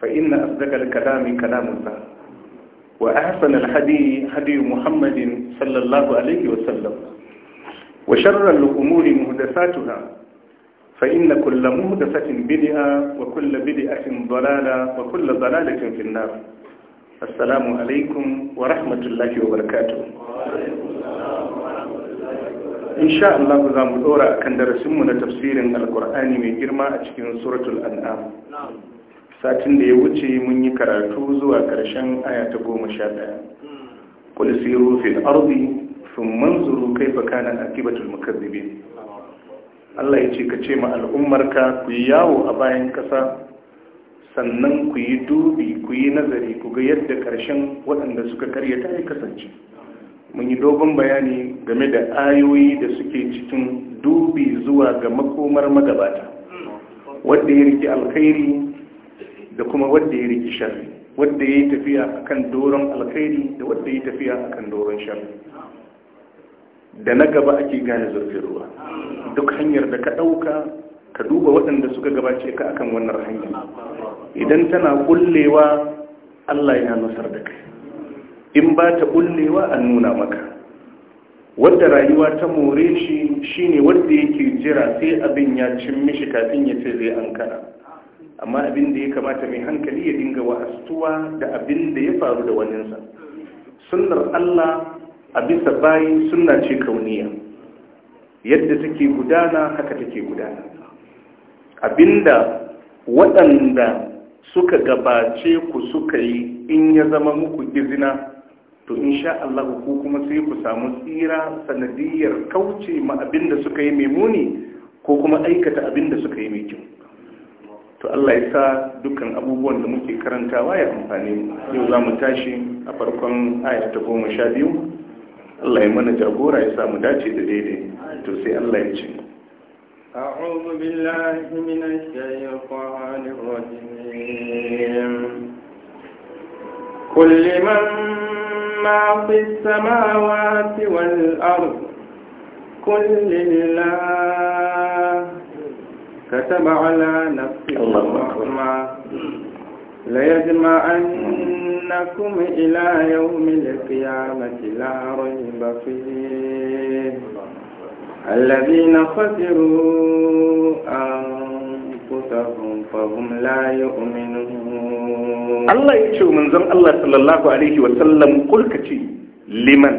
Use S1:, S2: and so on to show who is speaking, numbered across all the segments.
S1: فإن أصدق الكلام كلام الله وأحسن الحدي حدي محمد صلى الله عليه وسلم وشر الأمور مهدساتها فإن كل مهدسة بدئة وكل بدئة ضلالة وكل ضلالة في النار السلام عليكم ورحمة الله وبركاته إن شاء الله za mu dora akan darasinmu na tafsirin alkur'ani mai girma a cikin suratul an'am satin da ya wuce mun yi karatu zuwa karshen aya ta goma sha ɗaya kul siru fil sun manzuru kaifa kana akibatul makazibin Allah ya ce ka ce ma al'ummarka ku yi yawo a bayan ƙasa sannan ku yi dubi ku yi nazari ku ga yadda ƙarshen waɗanda suka karya ta yi kasance mun yi dogon bayani game da ayoyi da suke cikin dubi zuwa ga makomar magabata wadda ya rike alkhairi da kuma wadda ya riki sharri wadda ya yi tafiya a kan doron alkhairi da wadda ya yi tafiya a kan doron sharri da na gaba ake gane zurfin ruwa duk hanyar da ka ɗauka ka duba waɗanda suka gabace ka akan wannan hanyar idan tana ƙullewa allah ya nusar da kai in ba ta ƙullewa an nuna maka wadda rayuwa ta more shi shine wadda yake jira sai abin ya cin mishi kafin ya ce zai an amma abin da ya kamata mai hankali ya dinga wa'astuwa da abin da ya faru da waninsa sunnar Allah a bisa bayan sunna ce kauniya yadda take gudana haka take gudana abinda waɗanda suka gabace ku suka yi in ya zama muku izina to insha Allah ku kuma sai ku samu tsira sanadiyar kauce ma abinda suka yi mai muni ko kuma aikata abinda suka yi mai kyau to Allah ya sa dukkan abubuwan da muke karantawa ya amfani yau za mu tashi a farkon aya ta goma sha biyu Allah ya mana jagora ya sa mu dace da daidai to sai Allah ya
S2: ce أعوذ بالله من الشيطان الرجيم كل من ما في السماوات والأرض كل لله كتب على نفسه الرحمة ليجمعنكم إلى يوم القيامة لا ريب فيه الذين خسروا أنفسهم فهم لا يؤمنون الله يتشو من زم الله صلى الله عليه وسلم
S1: قل كتي لمن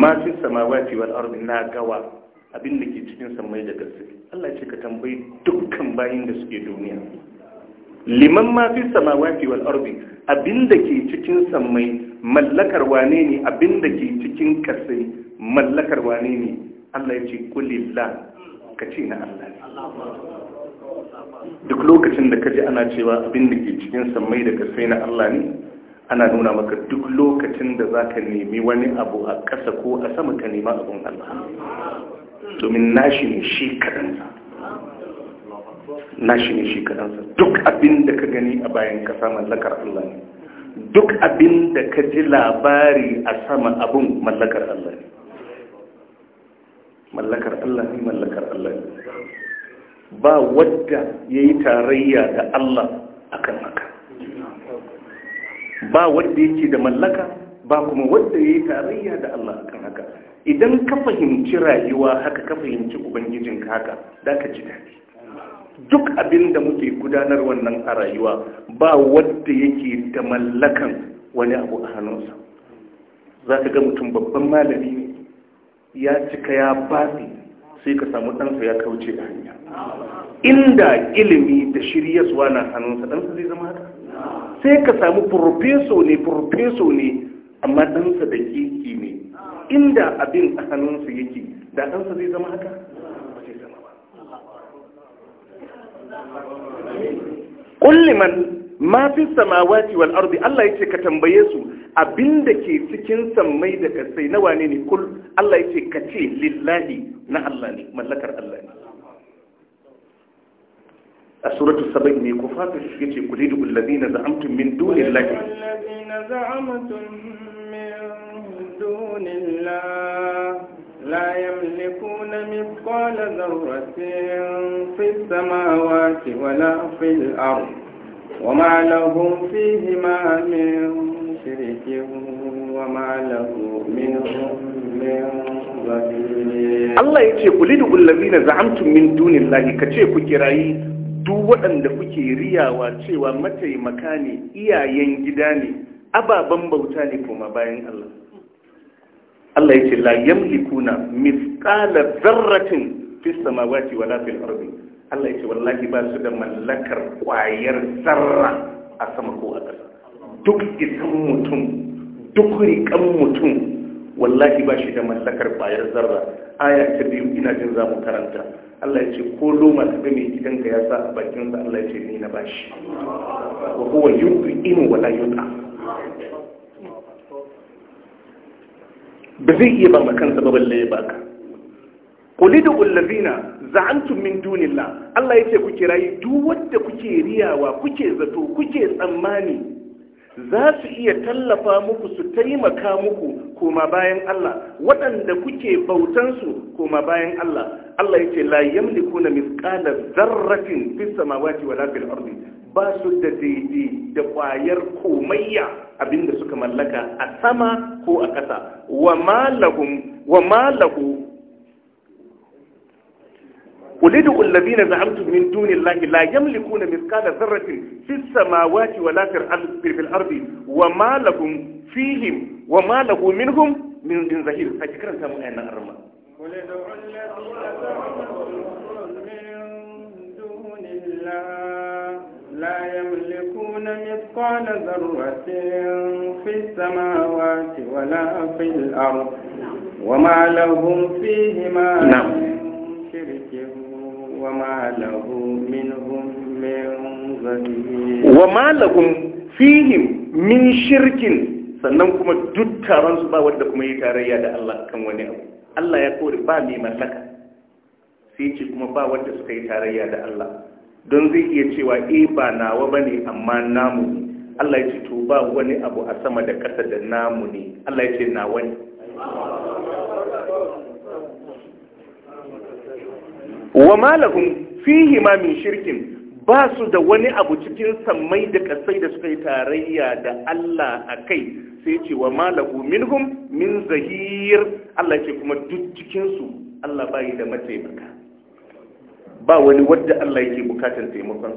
S1: ما في السماوات والأرض ناقوا abin da ke cikin samai da gaske Allah ce ka tambayi dukkan bayin da suke duniya liman ma fi wafi wal ardi abin da ke cikin samai, mallakar wane ne abin da ke cikin kasai mallakar wane ne Allah ya ce kulillah ka ce na Allah
S3: ne. duk lokacin da kaji
S1: ana cewa abin da ke cikin samai da kasai na Allah ne ana nuna maka duk lokacin da za ka nemi wani abu a ƙasa ko a sama ka nema abin
S3: Allah domin nashi ne shi kadansa nashi ne shi
S1: kadansa duk abin da ka gani a bayan kasa mallakar Allah ne duk abin da ka ji labari a sama abun mallakar Allah ne mallakar Allah ne mallakar Allah ne ba wadda ya yi tarayya da Allah akan haka ba wadda yake da mallaka ba kuma wanda ya yi tarayya da Allah kan haka idan ka fahimci rayuwa haka ka fahimci ubangijinka haka da ka ji daɗi duk abin da muke gudanar wannan a rayuwa ba wanda yake da mallakan wani abu a hannunsa za ka ga mutum babban malami ne ya cika ya baɗi, sai ka samu ɗansa ya kauce da hanya inda ilimi da suwa na hannunsa ɗansa zai zama haka sai ka samu furfeso ne furfeso ne amma ɗansa da kinki ne inda abin a hannunsa yake da ɗansa zai zama haka kulliman ma fi samawati wal ardi Allah yace ka tambaye su abinda ke cikin sammai da kasai nawa wane ne kul Allah yace ka ce lillahi na Allah ne mallakar Allah ne a suratul sabai ne ku fata shi yace ku lidu allazina za'amtum min dunillahi
S2: allazina za'amtum min dunillahi لا يملكون مثقال ذرة في السماوات ولا في الأرض وما لهم فيهما من شرك وما له منهم من ظهير الله يتي قل
S1: ادعوا الذين زعمتم من دون الله كتي كراي duk waɗanda kuke riyawa cewa mataimaka ne iyayen gida ne ababen bauta ne kuma bayan Allah Allah ya ce la yamlikuna mithqala dharratin fi samawati wala fil ardi Allah ya ce wallahi ba su da mallakar kwayar zarra a sama ko a ƙasa duk isan mutum duk riƙan mutum wallahi ba shi da mallakar kwayar zarra aya ta biyu ina jin za mu karanta Allah ya ce ko loma ta ga mai gidanka ya sa a bakinsa Allah ya ce ni na bashi
S3: wa huwa yut'imu
S1: wala yut'a ba zai iya ba kansa ba balle ya baka qul idul ladina za'antum min dunillah Allah ya ce ku kirayi duk wanda kuke riyawa kuke zato kuke tsammani za su iya tallafa muku su taimaka muku koma bayan Allah waɗanda kuke bautansu koma bayan Allah Allah ya ce la yamliku na misƙalar zarrafin fi samawati wala fil ardi ba su da daidai da ƙwayar komayya abinda suka mallaka a sama ko a ƙasa wa malahu قل ادعوا الذين زعمتم من دون الله لا يملكون مثقال ذرة في السماوات ولا في الأرض وما لهم فيهم وما له منهم من من ظهير فكرا كم أين أرمى
S2: قل ادعوا الذين من دون الله لا يملكون مثقال ذرة في السماوات ولا في الأرض وما لهم فيهما نعم. من شرك Wa لهم منهم من ظهير sannan kuma
S1: duk taron su ba wanda kuma yi tarayya da Allah kan wani abu Allah ya kore ba mai mallaka sai ce kuma ba wanda suka yi tarayya da Allah don zai iya cewa e ba nawa bane amma namu ne Allah ya ce to ba wani abu a sama da ƙasa da namu ne Allah ya ce nawa ne wa malahum fihi ma min shirkin ba su da wani abu cikin sammai da kasai da suka yi tarayya da Allah a kai sai ce wa malahu minhum min zahir Allah ke kuma duk su Allah ba yi da mataimaka ba wani wadda Allah yake bukatar sa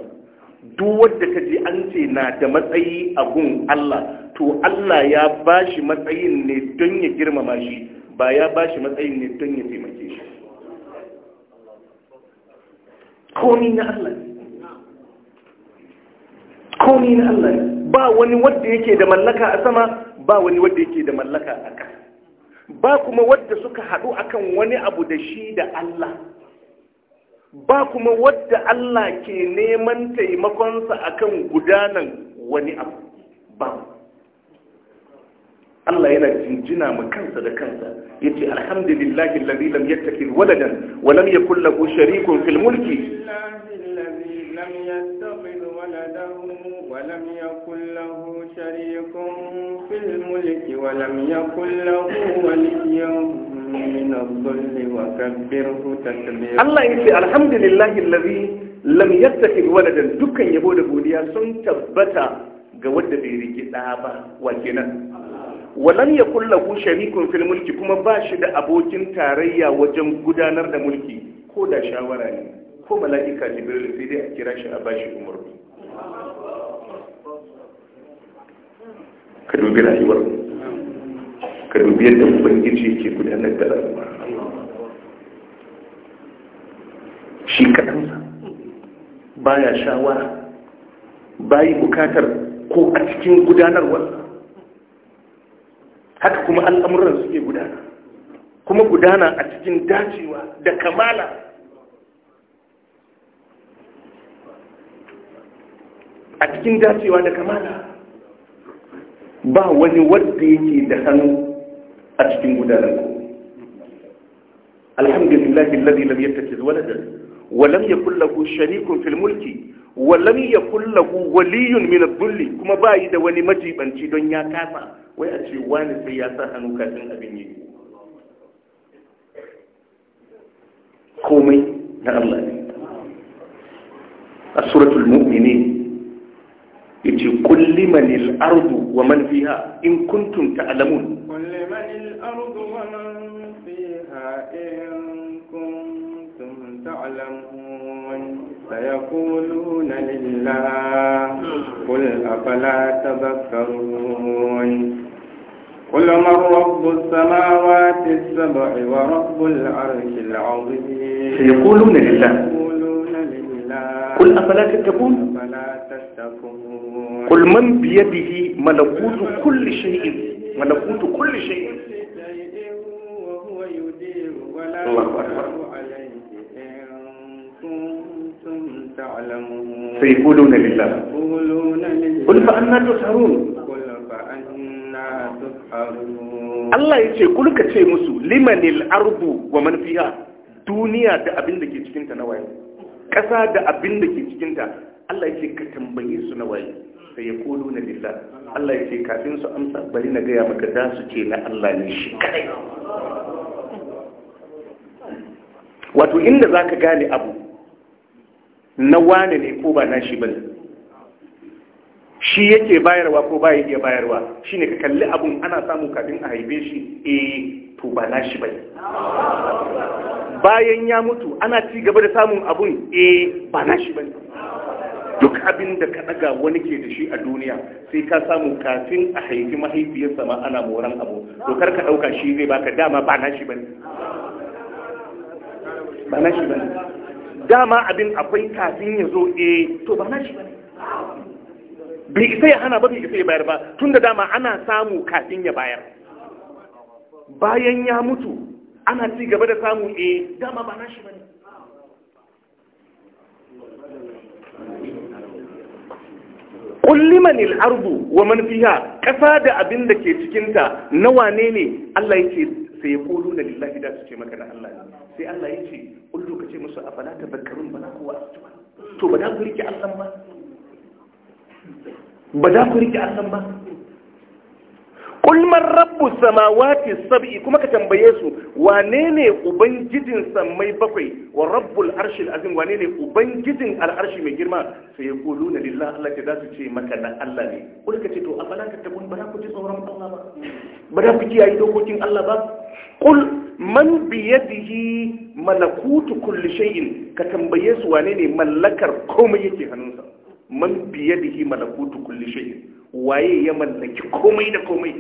S1: duk wadda ka ji an ce na da matsayi a gun Allah to Allah ya ba shi matsayin ne don ya girmama shi ba ya ba shi matsayin ne don ya taimake shi komi na Allah komi na Allah ba wani wadda yake da mallaka a sama ba wani wadda yake da mallaka a ƙasa ba kuma wadda suka haɗu akan wani abu da shi da Allah ba kuma wadda Allah ke neman taimakonsa akan gudanan wani abu ba Allah yana jinjina ma kansa da kansa yace alhamdulillahi alladhi lam yattakhid waladan wa lam yakul lahu sharikun fil mulki
S2: ولم يكن له شريك في الملك ولم يكن له ولي من الظل وكبره
S1: تكبيرا الله الحمد لله الذي لم يتخذ ولدا دكا يبود بوديا سن تبتا ga wanda bai riki ɗaya ba wa walam ya ku sharikun fil mulki kuma ba shi da abokin tarayya wajen gudanar da mulki ko da shawara ne ko mala'ika jibril sai dai a kira shi a bashi umarni ka dubi rayuwar ka dubi yadda ubangiji ke gudanar da rayuwa shi kaɗansa baya shawara bayi bukatar ko a cikin gudanarwar al'amuran suke gudana kuma gudana a cikin dacewa da kamala a cikin dacewa da kamala ba wani wadda yake da hannu a cikin gudanar alhamdulillahi lalzi lam yattakiz waladan lam yakul lahu sharikun fil mulki lam yakul lahu waliyun min adh-dhulli kuma bai da wani majibanci don ya kasa ويأتي وان سياسة هنوكا تن أبني قومي نعم الله السورة المؤمنين يجي كل من الأرض ومن فيها إن كنتم تعلمون
S2: كل من الأرض ومن فيها إن كنتم تعلمون سيقولون لله قل أفلا تذكرون قل من رب السماوات السبع ورب العرش العظيم سيقولون لله يقولون
S1: لله قل أفلا تتقون أفلا
S2: تتقون قل من بيده ملكوت كل شيء ملكوت كل شيء الله أكبر سيقولون لله قل فأنا تسهرون Allah ya
S1: ce kulka ce musu limanil arbu wa man duniya da abin da ke cikinta na waye ƙasa da abin da ke cikinta Allah ya ce ka tambaye su na waye sai ya kolo na lilla Allah ya ce kafin su amsa bari na gaya maka za su ce na Allah ne shi kadai wato inda za ka gane abu na wane ne ko ba na shi bane shi yake bayarwa ko baya iya bayarwa Shi ne ka kalli abun ana samu kafin a haife shi eh to ba na shi bane bayan ya mutu ana ci gaba da samun abun eh ba na shi bane duk abin da ka daga wani ke da shi a duniya sai ka samu kafin a haifi mahaifiyarsa ma ana moran abu to kar ka dauka shi zai baka dama ba na shi bane ba na shi bane dama abin akwai kafin ya zo eh to ba na shi
S3: bane
S1: bai isa ya hana ba bai isa ya bayar ba tun da dama ana samu kafin ya bayar bayan ya mutu ana ci gaba da samu eh dama ba na nashi bane kulliman al'ardu wa manfiya fiha kasa da abin da ke cikinta na wane ne Allah yake sai ya kulu da lillahi da su ce maka da Allah sai Allah yake kullu kace musu afala tafakkarun bana kowa to ba da ku rike Allah ba ba za ku rike Allah ba kulman rabbu samawati sab'i kuma ka tambaye su wane ne ubangijin samai bakwai wa rabbul arshil azim wane ne ubangijin al'arshi mai girma sai ya kulu na lillah Allah ke za su ce maka na Allah ne kuma ka ce to a bala ka tabun ba ku ji tsoron Allah ba ba za ku kiyaye dokokin Allah ba kul man yadihi malakutu kulli shay'in ka tambaye su wane ne mallakar komai yake hannunsa man biyadihi malakutu kulli shay'in waye ya mallaki komai da komai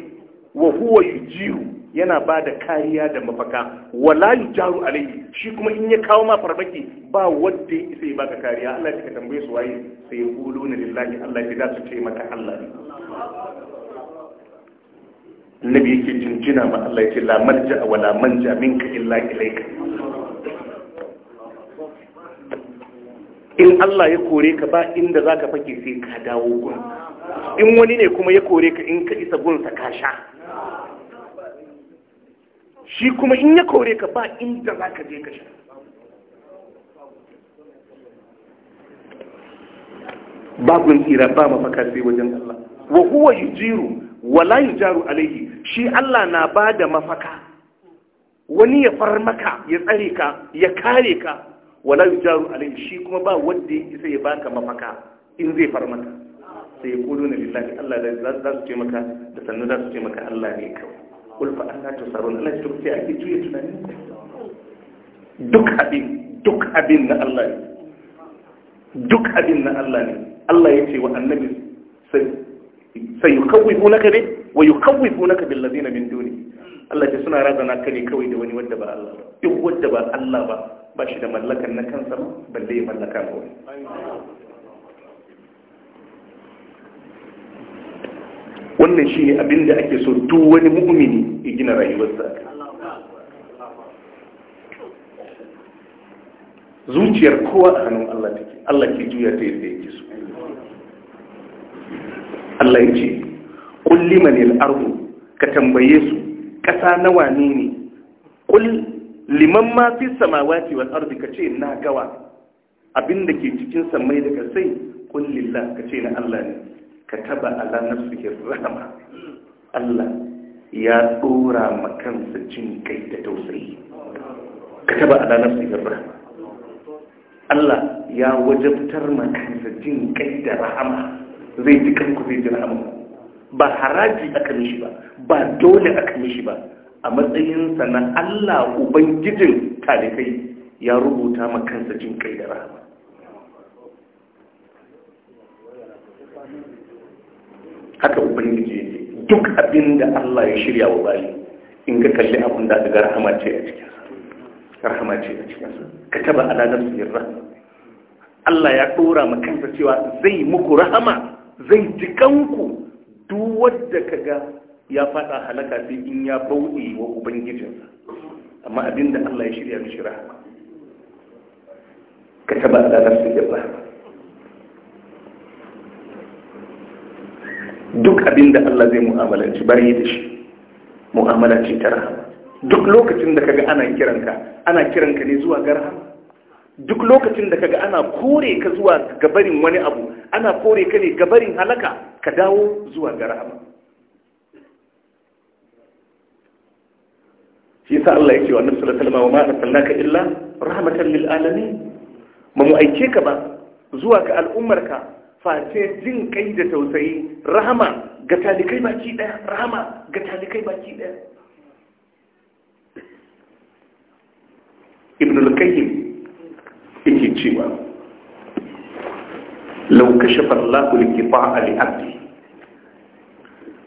S1: wa huwa yujiru yana ba da kariya da mafaka wala yujaru alayhi shi kuma in ya kawo ma farmaki ba wanda ya isa baka kariya Allah ya tambaye su waye sai ya kulo ne lillahi Allah ya dace ce maka Allah ne yake jinjina ma Allah ya ce la malja wala manja minka illa ilayka in Allah ya kore ka ba inda za ka fake sai ka dawo gun in wani ne kuma ya kore ka in ka isa gunsa ka sha shi kuma in ya kore ka ba inda za ka je ka sha babun tsira ba mafaka sai wajen Allah wa huwa yujiru wala yujaru alaihi shi Allah na ba da mafaka wani ya far maka ya tsare ka ya kare ka wala yujaru alayhi shi kuma ba wanda isa ya baka mafaka in zai far maka sai ya kudu na lillahi Allah da za su ce maka da sannu za su ce maka Allah ne kawai kulfa Allah ta tsaro Allah ta rufe ake tuye tunani duk abin duk abin na Allah ne duk abin na Allah ne Allah ya ce wa annabi sai sai yukawwifunaka bi wa yukawwifunaka bil ladina min duni Allah ya suna razana kai kawai da wani wanda ba Allah ba duk wanda ba Allah ba ba shi da mallakar na kansa ba balle ya mallaka ba wani wannan shi ne abin da ake so duk wani mu'mini ya gina rayuwarsa zuciyar kowa a hannun Allah take Allah ke juya ta yadda yake so Allah ya ce kulli manil ardu ka tambaye su kasa nawa ne ne liman ma fi samawati wal ardi kace na gawa abinda ke cikin samai da kasai qul ka kace na Allah ne taba ala nafsihi rahama. Allah ya dora kansa jin kai da tausayi Ka taba ala nafsihi rahama. Allah ya wajabtar kansa jin kai da rahama zai ji kanku zai ji rahama ba haraji aka mishi ba ba dole aka mishi ba a matsayinsa na Allah Ubangijin talibai ya rubuta makansa jin kai da rahama haka Ubangiji duk abin da Allah ya shirya wa bayi in ka kalli abin da daga rahama ce a cikinsa rahama ce a cikinsa ka taba alanar su yin rahama Allah ya ɗora makansa cewa zai muku rahama zai jikanku duk wadda ka ga ya fada halaka sai in ya bauɗe wa ubangijinsa amma abinda Allah ya shirya mishi rahama ka taba da su da rahama duk abinda Allah zai mu'amalanci bari da shi mu'amala ce ta rahama duk lokacin da kaga ana kiranka ana kiranka ne zuwa ga duk lokacin da kaga ana kore ka zuwa gabarin wani abu ana kore ka ne gabarin halaka ka dawo zuwa ga rahama shi sa Allah ya ce wa annabi sallallahu alaihi wasallam wa ma arsalnaka illa rahmatan lil alamin ba mu aike ka ba zuwa ga al'ummarka face jin kai da tausayi rahama ga talikai baki daya rahama ga talikai baki daya ibn al-qayyim yake cewa law kashafa Allahu al-qita'a li 'abdi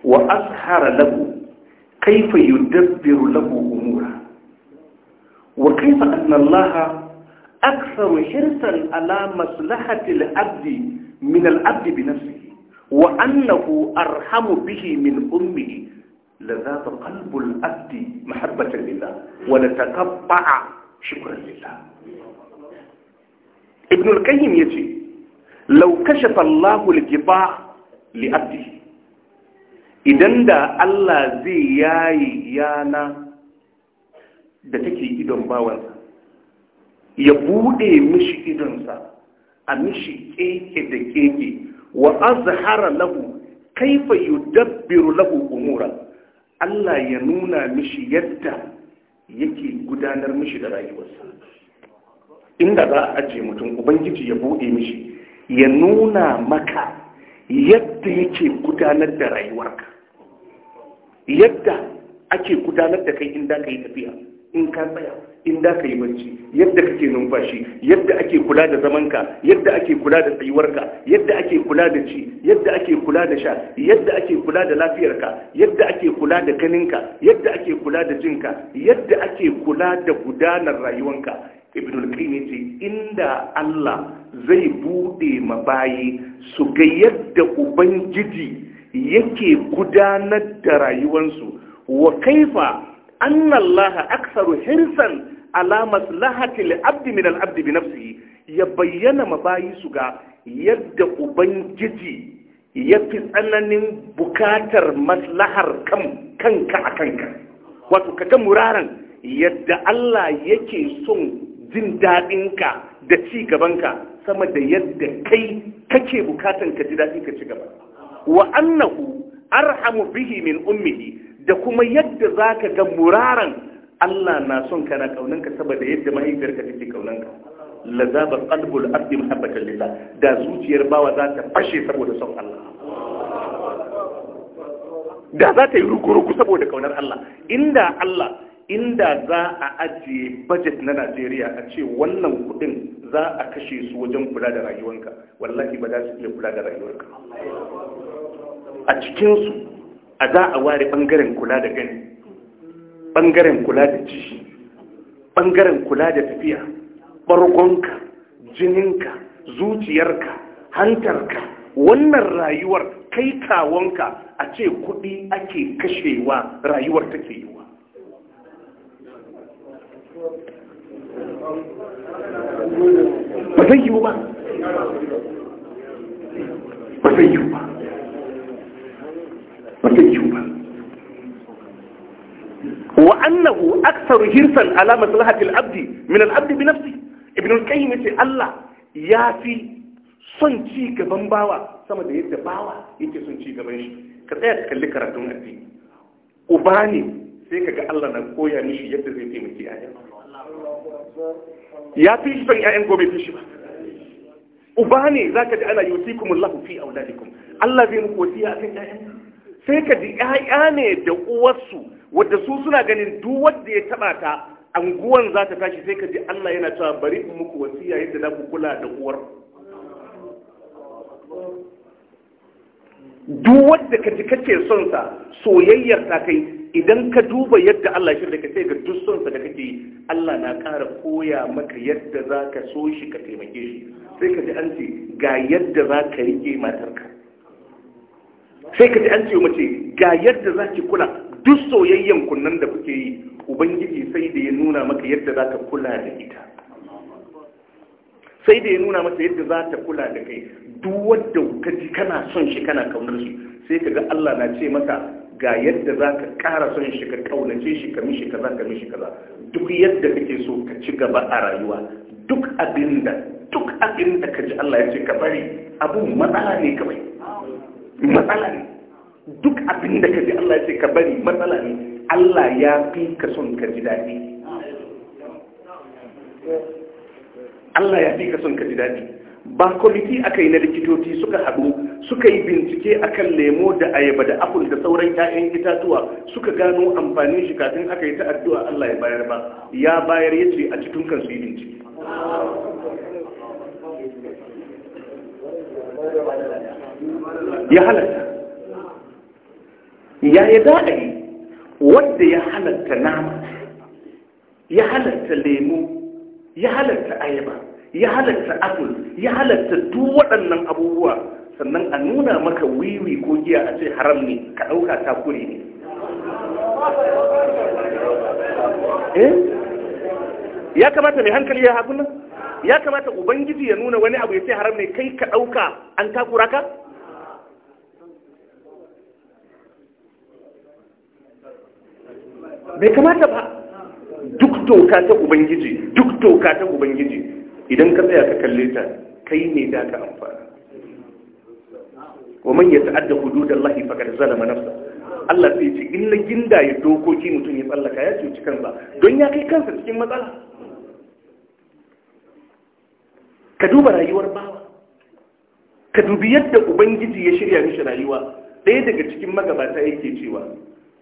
S1: wa azhara lahu كيف يدبر له أموره وكيف أن الله أكثر حرصا على مصلحة العبد من العبد بنفسه وأنه أرحم به من أمه لذات قلب الأبد محبة لله ولتقطع
S3: شكرا لله
S1: ابن القيم يجي لو كشف الله الجباع لأبده idan da Allah zai yayi yana da take idon bawansa ya bude mishi idonsa a mishi keke da keke wa azhara lahu kaifa yudabbiru lahu umura Allah ya nuna mishi yadda yake gudanar mishi da rayuwarsa inda za a ajiye mutum ubangiji ya bude mishi ya nuna maka yadda yake gudanar da rayuwarka yadda ake gudanar da kai inda ka yi tafiya in ka tsaya inda ka yi barci yadda kake numfashi yadda ake kula da zamanka yadda ake kula da tsayuwarka yadda ake kula da ci yadda ake kula da sha yadda ake kula da lafiyarka yadda ake kula da ganinka yadda ake kula da jinka yadda ake kula da gudanar rayuwanka al qayyim ce inda Allah zai bude mabayi su ga yadda ubangiji yake gudanar da rayuwarsu wa kaifa annallaha aksaru hirsan alamas maslahati abdi min al bi nafsi ya bayyana mabayi su ga yadda ubangiji ya fi tsananin bukatar maslahar kan kanka a kanka wato ka kaga muraran yadda Allah yake son jin daɗinka da ci gabanka sama da yadda kai kake bukatan ka ji daɗin ka ci gaba wa annahu arhamu bihi min ummihi da kuma yadda zaka ga muraran Allah na son ka na kaunanka saboda yadda mahaifiyarka take kaunanka lazaba qalbul abdi mahabbatan lillah da zuciyar bawa za ta fashe saboda son Allah da za ta yi rugurugu saboda kaunar Allah inda Allah inda za a ajiye budget na najeriya a ce wannan kudin za a kashe su wajen kula da rayuwanka wallahi ba za su iya kula da rayuwarka a cikinsu a za a ware bangaren kula da gani bangaren kula da ci bangaren kula da tafiya bargonka jininka zuciyarka hantarka wannan rayuwar kai kawonka a ce kudi ake kashewa rayuwar take yi وأنه أكثر هرسا على مصلحة العبد من العبد بنفسه ابن الكيم الله يافي صنشي كبن باوا سما دي يسي باوا يسي صنشي بمباوة شي كتايا تكلي كراتون أبي وباني سيكا الله نقويا نشي يبدأ زيتي متي آيه
S3: ya fi shi son 'ya'yan gobe fi shi ba
S1: uba ne zaka ji ana yusikum Allahu fi auladikum Allah zai muku wasiya akan yayan. sai ka ji ne da uwarsu wadda su suna ganin duk wanda ya taɓa ta anguwan za ta tashi sai ka ji Allah yana cewa bari in muku wasiya yadda za ku kula da uwar duk wanda ka ji kake son sa soyayyar ta kai idan ka duba yadda Allah shi da ka sai ga duk son sa da kake Allah na ƙara koya maka yadda za ka so shi ka taimake shi sai ka ji an ce ga yadda za ka rike matarka sai ka ji an ce mace ga yadda za ki kula duk soyayyen kunnan da kuke yi ubangiji sai da ya nuna maka yadda za ka kula da ita sai da ya nuna maka yadda za ta kula da kai duk wadda ka ji kana son shi kana kaunar shi sai ka ga Allah na ce masa ga yadda za ka ƙara son shi ka ƙaunace shi ka mishi kaza ka mishi kaza duk yadda kake so ka ci gaba a rayuwa duk abinda duk abinda ka ji Allah ya ce ka bari abu matsala ne kawai matsala ne duk abinda ka ji Allah ya ce ka bari matsala ne Allah ya fi ka son ka ji daɗi Allah ya fi ka son ka ji daɗi ba kwamiti aka yi na likitoci suka haɗu suka yi bincike akan lemo da ayaba da apple da sauran 'ya'yan itatuwa suka gano amfanin shi kafin aka yi ta addu'a Allah ya bayar ba ya bayar ya ce a cikin kansu yi bincike ya halatta ya yi daɗi wadda ya halatta nama ya halatta lemo ya halatta ayaba ya halatta apple ya halatta duk waɗannan abubuwa sannan a nuna maka wiwi ko giya a ce haram ne ka ɗauka ta kure ne eh? ya kamata mai hankali ya haƙuna ya kamata ubangiji ya nuna wani abu ya ce haram ne kai ka ɗauka an takura ka
S3: bai kamata ba duk doka
S1: ta ubangiji duk doka ta ubangiji idan ka tsaya ka kalle ta kai ne da ka amfana wa man yata'adda hududallahi faqad zalama nafsa Allah sai ce in na ya dokoki mutum ya tsallaka ya cuci kansa don ya kai kansa cikin matsala ka duba rayuwar bawa ka dubi yadda ubangiji ya shirya mishi rayuwa ɗaya daga cikin magabata yake cewa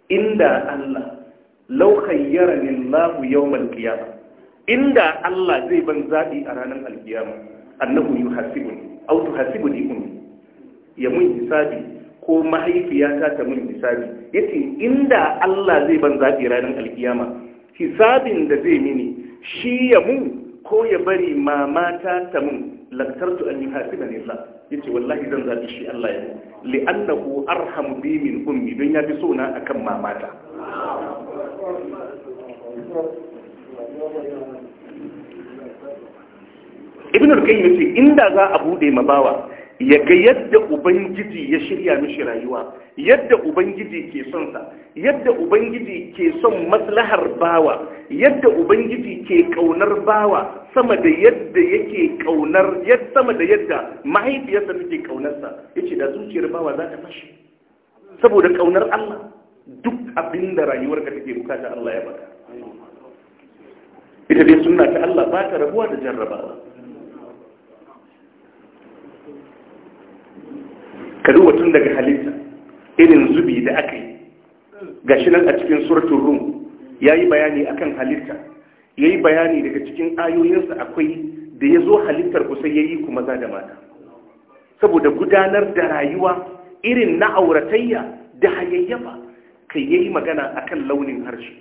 S1: inda Allah law khayyara lillahu yawmal qiyamah inda Allah zai ban zaɓi a ranar alkiyama annahu yuhasibun aw tuhasibuni ummi ya mun hisabi ko mahaifiyata ta mun hisabi yace inda Allah zai ban zaɓi ranar alkiyama hisabin da zai mini shi ya mun ko ya bari mamata ta mun lantartu an yi hasiba nisa yace wallahi zan zaɓi shi Allah ya annahu arhamu bi min ummi don ya fi sona na akan mamata ibn al-qayyim yace inda za a bude mabawa ya ga yadda ubangiji ya shirya mishi rayuwa yadda ubangiji ke son sa yadda ubangiji ke son maslahar bawa yadda ubangiji ke kaunar bawa sama da yadda yake kaunar yadda sama da yadda mahaifiyarsa take kaunar sa yace da zuciyar bawa za ta fashe, saboda kaunar Allah duk abinda rayuwarka take bukata Allah ya baka ita dai suna ta Allah ba ta rabuwa da jarrabawa ka duba tun daga halitta irin zubi da aka yi shi nan a cikin suratun rum ya yi bayani akan halitta ya yi bayani daga cikin ayoyinsa akwai da ya zo halittar kusa ya yi kuma za da mata saboda gudanar da rayuwa irin na auratayya da hayayyafa kai ya yi magana akan launin harshe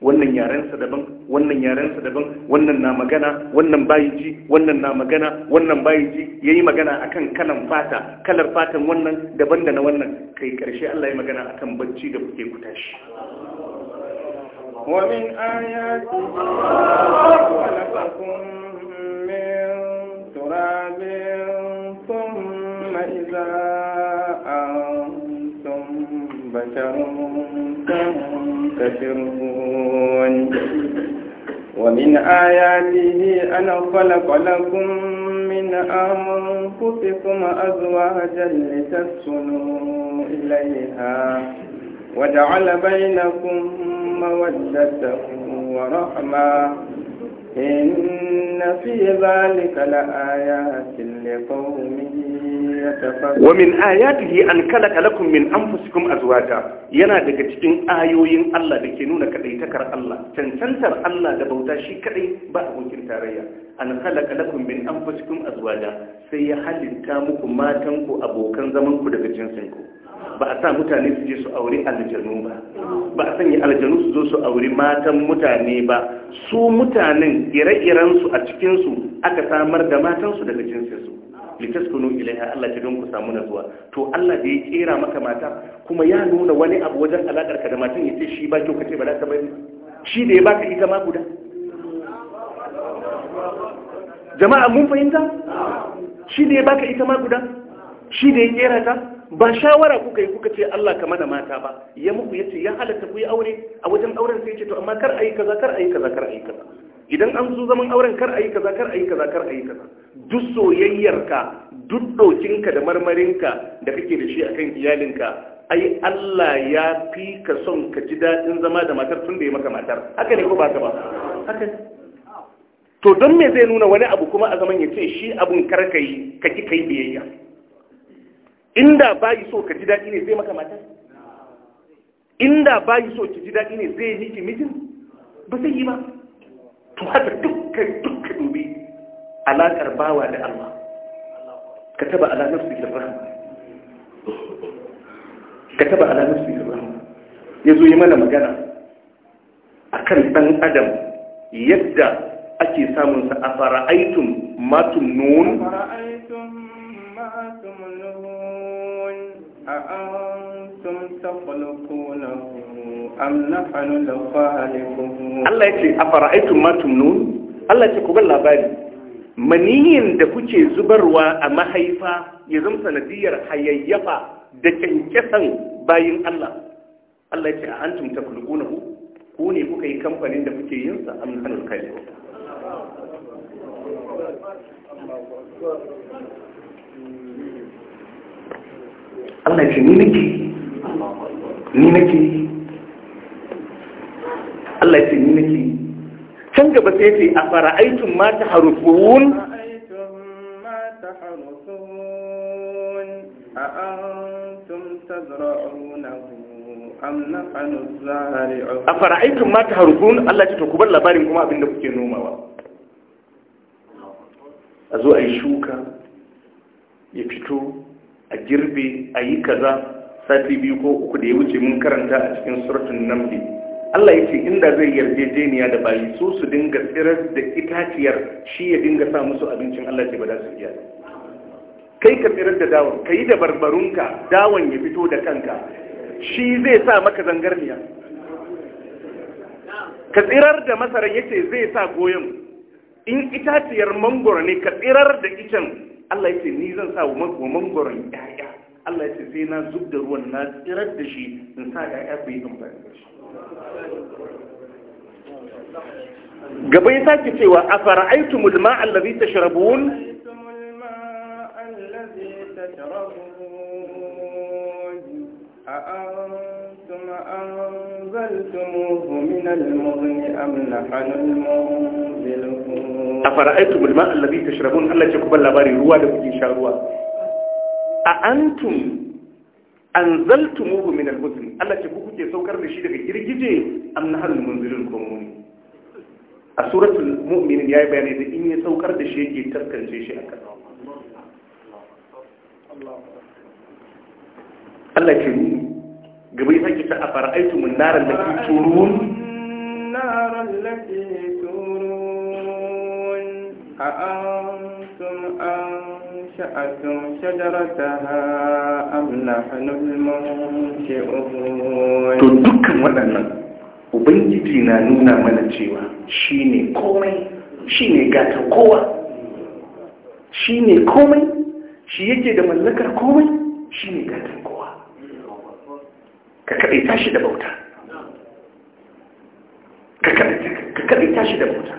S1: wannan yarensa daban wannan yarensa daban wannan na magana wannan bayi ji wannan na magana wannan bayi ji yayi magana akan kalan fata kalar fatan wannan daban da na wannan kai karshe Allah ya magana akan bacci da kuke kuta shi.
S2: wa min ayatihi khalaqakum min turabin thumma idza antum تستشرون ومن آياته أن خلق لكم من أنفسكم أزواجا لتسكنوا إليها وجعل بينكم مودة ورحمة إن في ذلك لآيات لقومه ومن
S1: آياته أن خلق لكم من أنفسكم أزواجا yana daga cikin ayoyin Allah da ke nuna kadaitakar Allah cancantar Allah da bauta shi kadai ba abokin tarayya an khalaqa lakum min anfusikum azwaja sai ya halitta muku matan ku abokan zaman ku daga jinsin ku ba a sa mutane su je su aure aljanu ba ba a sanya aljanu su zo su aure matan mutane ba su mutanen ire-iren su a cikin su aka samar da matan su daga jinsin su litaskunu ilaiha Allah ta don ku samu natsuwa to Allah da ya kera maka mata kuma ya nuna wani abu wajen alakar ka da matan ya ce shi ba kyau kace ba za ta bari shi da ya baka ita ma guda jama'a mun fahimta shi da ya baka ita ma guda shi da ya kera ta ba shawara kuka yi kuka ce Allah kama da mata ba ya muku yace ya halatta ku yi aure a wajen auren sai ce to amma kar a yi kaza kar a yi kaza kar a yi kaza idan an zo zaman auren kar a yi kaza kar a yi kaza kar a yi kaza duk soyayyarka duk ɗokinka da marmarinka da kake da shi akan iyalinka ai Allah ya fi ka son ka ji daɗin zama da matar tun da ya maka matar haka ne ko ba ka ba haka to don me zai nuna wani abu kuma a zaman ya ce shi abun kar ka yi ka ki kai biyayya inda bayi so ka ji daɗi ne zai maka matar inda bayi so ki ji daɗi ne zai yi ki mijin ba sai yi ba to haka dukkan dukkan dubi alaƙar bawa da Allah ka taba ala nafsi rahma ka taba ala nafsi ya zo yi mana magana kan ɗan adam yadda ake samun sa a fara'aitun matun nun
S2: أأنتم tafalo Allah ya ce, "A Allah yace afara'aytum ma tumnun
S1: Allah ya ku ga labari maniyin da kuke zubarwa a mahaifa ya zama sanadiyar hayayyafa da kyankyasan bayin Allah Allah ya ce an tumta takhluqunahu ku ne kuka yi kamfanin da kuke yin sa am kai. Allah ya ce ni nake ni nake Allah ya ce ni nake can gaba sai ce a fara'aitun ma ta harufun a fara'aitun ma ta harufun Allah ce to ku bar labarin kuma abinda kuke nomawa a zo a yi shuka ya fito a girbe a yi kaza sati biyu ko uku da ya wuce mun karanta a cikin suratun namdi Allah ya ce inda zai yarjejeniya da bayi su su dinga tsirar da itaciyar shi ya dinga sa musu abincin Allah ce ba za su iya kai ka tsirar da dawon ka yi da barbarunka dawon ya fito da kanka shi zai sa maka zangarniya ka tsirar da masarar ce zai sa goyon in itaciyar mangoro ne ka tsirar da icen Allah ya ce ni zan sa wa mangoron 'ya'ya Allah ya ce sai na zub da ruwan na tsirar da shi in sa 'ya'ya yi amfani da shi
S2: gaba ya sake cewa a fara'aitu mulma
S1: allazi ta sharabun
S2: a fara'aitu mulma allazi ta sharabun allah ce kuban labarin ruwa
S1: da kuke sha ruwa a antum an zaltu muhu min al-husn Allah ce ku kuke saukar da shi daga girgije am nahal munzirin ko muni a suratul mu'minin yayi bayani da in ya saukar da shi yake tarkance shi a kasa. Allah ce ni gaba ya sake ta a fara'aitu mun naran da ke turun
S2: naran da ke turun a antum an أنشأتم شجرتها أم نحن المنشئون to dukkan
S1: waɗannan ubangiji na nuna mana cewa
S2: shine komai
S1: shine gata kowa shine komai shi yake da mallakar komai shine gatan kowa ka kaɗai tashi da bauta ka kaɗai tashi da bauta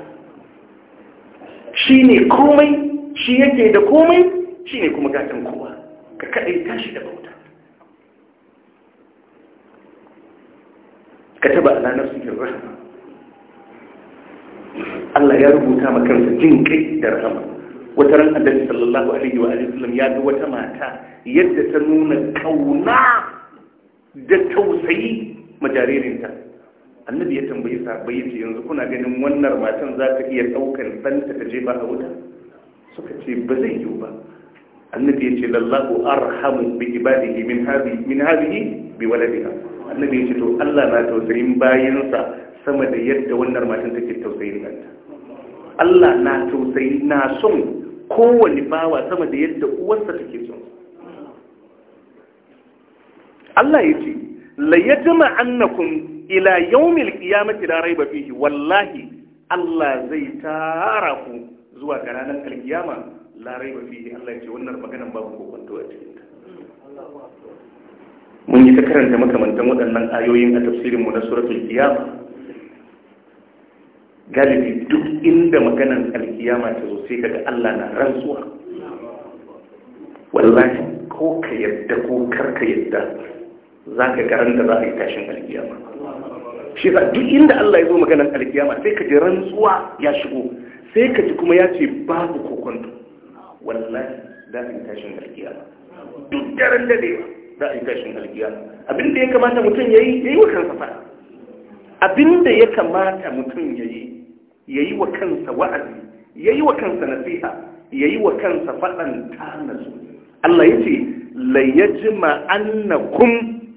S1: shi ne komai shi yake da komai shi ne kuma gatan kowa ka kaɗai tashi da bauta ka taba al'anar nafsikin rahama Allah ya rubuta makansa jin kai da rahama wata ran annabi sallallahu alaihi wa sallam ya ga wata mata yadda ta nuna kauna da tausayi ma annabi ya tambayi sahabbai yace yanzu kuna ganin wannan matan za ta iya daukar ɗanta ta jefa a wuta suka ce ba zai yiwu ba annabi ya ce lallahu arhamu bi ibadihi min hadhihi min hadhihi bi waladiha annabi ya ce to Allah na tausayin bayansa sama da yadda wannan matan take tausayin kanta Allah na tausayi na son kowanne bawa sama da yadda uwarsa take son Allah ya ce la yajma annakum ila yawmil qiyamati la rayba fihi wallahi Allah zai tara ku zuwa ga ranar alkiyama larai ba fiye Allah ce wannan maganan babu kokonto a cikinta mun yi ta karanta makamantan waɗannan ayoyin a tafsirinmu na suratul kiyama galibi duk inda maganan alkiyama ta zo sai kaga Allah na rantsuwa wallahi ko ka yadda ko kar ka yadda za ka karanta za a yi tashin alkiyama shi sa duk inda Allah ya zo maganan alkiyama sai ka ji rantsuwa ya shigo sai ka ji kuma ya ce babu kokonto wallahi za a yi tashin alkiyama duk daren dadewa za a yi tashin alkiyama Abinda ya kamata mutum ya yi wa kansa fara Abinda ya kamata mutum ya yi ya yi wa kansa wa'azi ya yi wa kansa nasiha ya yi wa kansa faɗan tanasu Allah ya ce layyajima annakum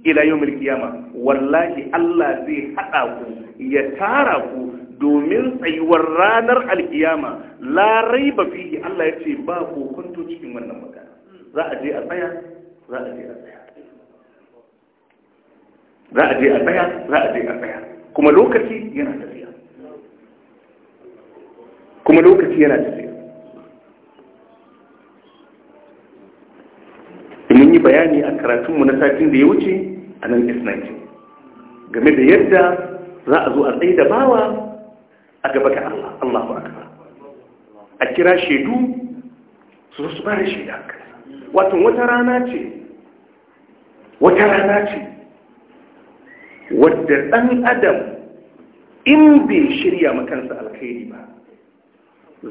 S1: ila yawmil qiyama wallahi Allah zai haɗa ku ya tara ku domin tsayuwar ranar alkiyama larai ba fihi Allah ya ce ba kokonto cikin wannan magana za a je a tsaya za a je a tsaya za a je a tsaya za a je a tsaya kuma lokaci yana tafiya kuma lokaci yana tafiya mun yi bayani a karatunmu na satin da ya wuce a nan s game da yadda za a zo a tsaye da bawa a gaba ga Allah Allahu akbar a kira shaidu su su ba da shaida wato wata rana ce wata rana ce wadda ɗan adam in bai shirya makansa alkhairi ba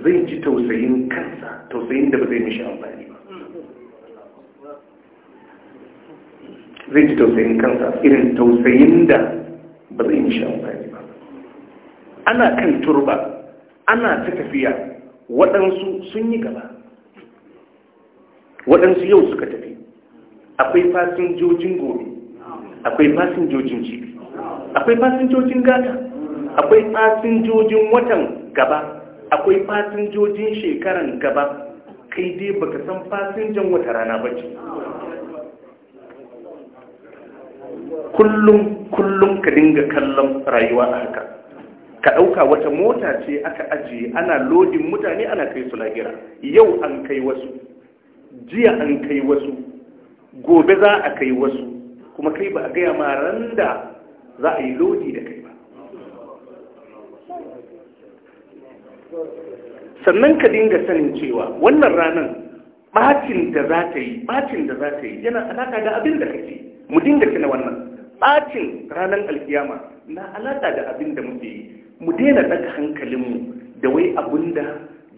S1: zai ji tausayin kansa tausayin da ba zai mishi amfani ba zai ji tausayin kansa irin tausayin da ba zai mishi amfani ana kan turba ana ta tafiya waɗansu sun yi gaba waɗansu yau suka tafi akwai fasinjojin gobe akwai fasinjojin cibi akwai fasinjojin gata akwai fasinjojin watan gaba akwai fasinjojin shekaran gaba kai dai baka san fasinjan wata rana ba ce kullum kullum ka dinga kallon rayuwa a haka ka ɗauka wata mota ce aka ajiye ana lodin mutane ana kai su lahira yau an kai wasu jiya an kai wasu gobe za a kai wasu kuma kai ba a gaya ma randa za a yi lodi da kai ba sannan ka dinga sanin cewa wannan ranar bacin da za ta yi bacin da za ta yi yana alaƙa da abin da kake mu dinga tuna wannan bacin ranar alkiyama na alaka da abin da muke yi mu daina ɗaga hankalinmu da wai abin da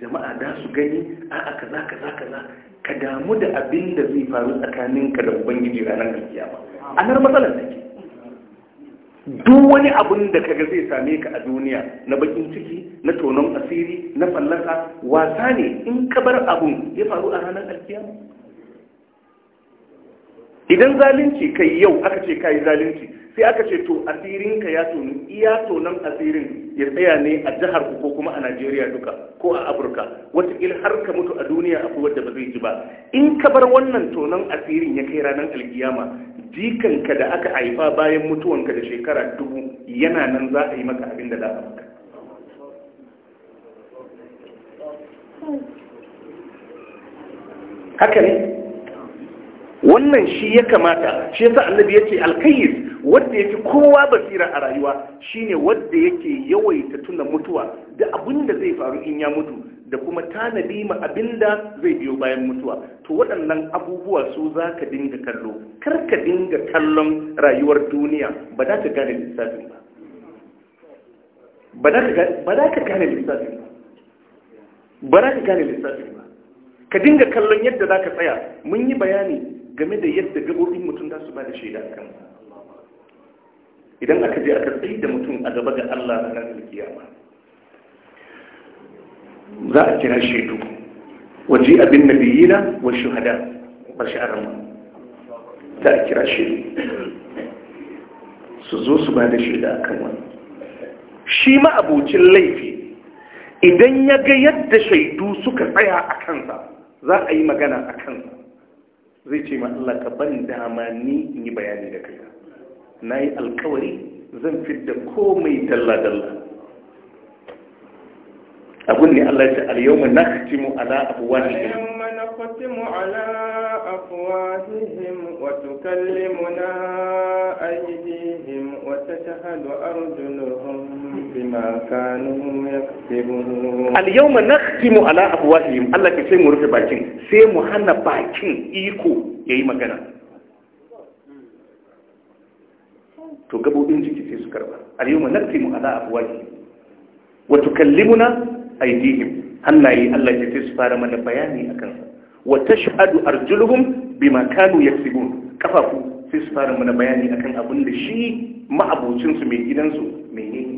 S1: jama'a za su gani a kaza kaza kaza ka damu da abin da zai faru tsakanin ka da ubangiji ranar gaskiya ba a nan matsalar da ke duk wani abin da kaga zai same ka a duniya na bakin ciki na tonon asiri na fallasa wasa ne in ka bar abin ya faru a ranar alkiyama idan zalunci kai yau aka ce yi zalunci sai aka ce to asirinka ya tonu iya tonan asirin ya tsaya ne a jihar ku ko kuma a Najeriya duka ko a Afirka wataƙila har ka mutu a duniya akwai wadda ba zai ji ba in ka bar wannan tonon asirin ya kai ranar alkiyama jikanka da aka haifa bayan mutuwanka da shekara dubu yana nan za a yi maka abin da za a maka haka ne wannan shi ya kamata shi yasa annabi yace alkayyis wanda yake kowa basira a rayuwa shine wanda yake yawaita tuna mutuwa da abin da zai faru in ya mutu da kuma tanadi ma abin da zai biyo bayan mutuwa to waɗannan abubuwa su za ka dinga kallo kar ka dinga kallon rayuwar duniya ba za ka gane lissafin ba ba za ka gane lissafin ba ba za ka gane lissafin ba ka dinga kallon yadda za ka tsaya mun yi bayani game da yadda gabobin mutum za su ba da shaida a kansa idan aka je aka tsaye da mutum a gaba ga Allah na ranar kiyama za a kira shaidu waje abin nabiyina wa shuhada ba rama za a kira shaidu su zo su ba da shaida a kan wani shi ma abocin laifi idan ya ga yadda shaidu suka tsaya a kansa za a yi magana a kansa zai ce ma Allah ka ban dama ni in yi bayani da kai na yi alkawari zan fidda komai dalla-dalla abun ne Allah ce al-yawma mu ala afwahihim
S2: al-yawma nakhtimu ala afwahihim wa tukallimuna aydihim wa tashhadu arjuluhum بما كانوا يكسبون
S1: اليوم نختم على أفواههم الله كسي مرف باكين سي مهنا باكين إيكو يأي magana. to gabobin jiki sai su karba al-yawma naktimu ala afwahihim wa tukallimuna aydihim hannaye Allah ke ce su fara mana bayani akan sa wa tashhadu arjuluhum bima kanu yaksibun kafafu sai su fara mana bayani akan abin da shi ma'abocinsu mai gidansu mai ne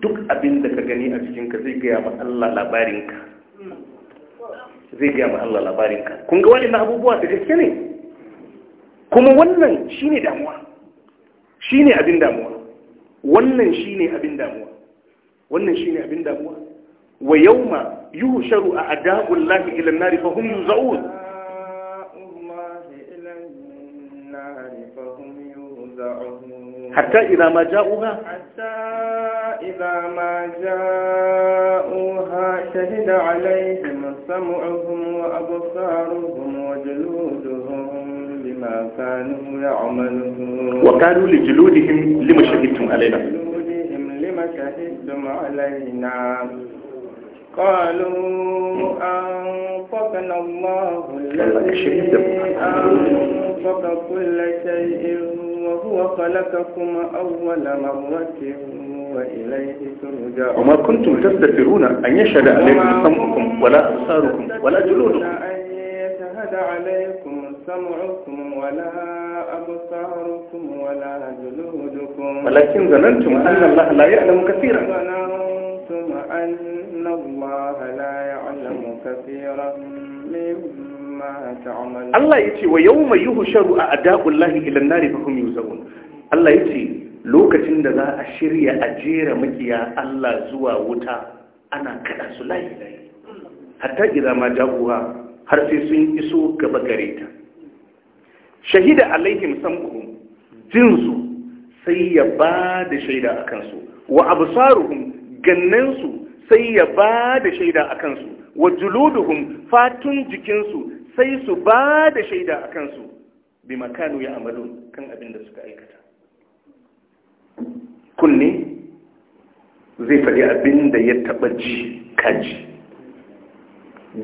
S1: duk abin da ka gani a jikinka zai gaya ma Allah labarinka zai gaya ma Allah labarinka kun ga wani abubuwa da gaske ne kuma wannan shi ne damuwa Shi ne abin damuwa wannan shi ne abin damuwa wannan shi ne abin damuwa wa yawma yuhsharu a'da'u llahi ila an-nar fa hum yuz'un
S2: hatta idza ma ja'uha إذا ما جاءوها شهد عليهم سمعهم وأبصارهم وجلودهم بما كانوا يعملون وقالوا لجلودهم لما شهدتم علينا لجلودهم لما شهدتم علينا قالوا أنفقنا الله الذي أنفق كل شيء وهو خلقكم أول مرة وإليه ترجعون وما كنتم تستفرون أن يشهد عليكم سمعكم ولا أبصاركم ولا جلودكم أن يشهد عليكم سمعكم ولا أبصاركم ولا جلودكم ولكن ظننتم أن الله لا يعلم كثيرا ظننتم أن الله لا يعلم كثيرا مما Allah yace wa yawma yuhsharu
S1: a'da'ullahi ila an-nari fa hum yuzawun Allah yace lokacin da za a shirya a jera makiya Allah zuwa wuta ana kada su layi hatta ma jaguwa har sai sun iso gaba gare ta shahida alaihim sam'uhum jinsu sai ya ba da shaida a kansu wa absaruhum gannansu sai ya ba da shaida a kansu wa juluduhum fatun jikinsu sai su ba da shaida a kansu bi makanu ya amalu kan abin da suka aikata kunne zai faɗi abin da ya taɓa ji kaji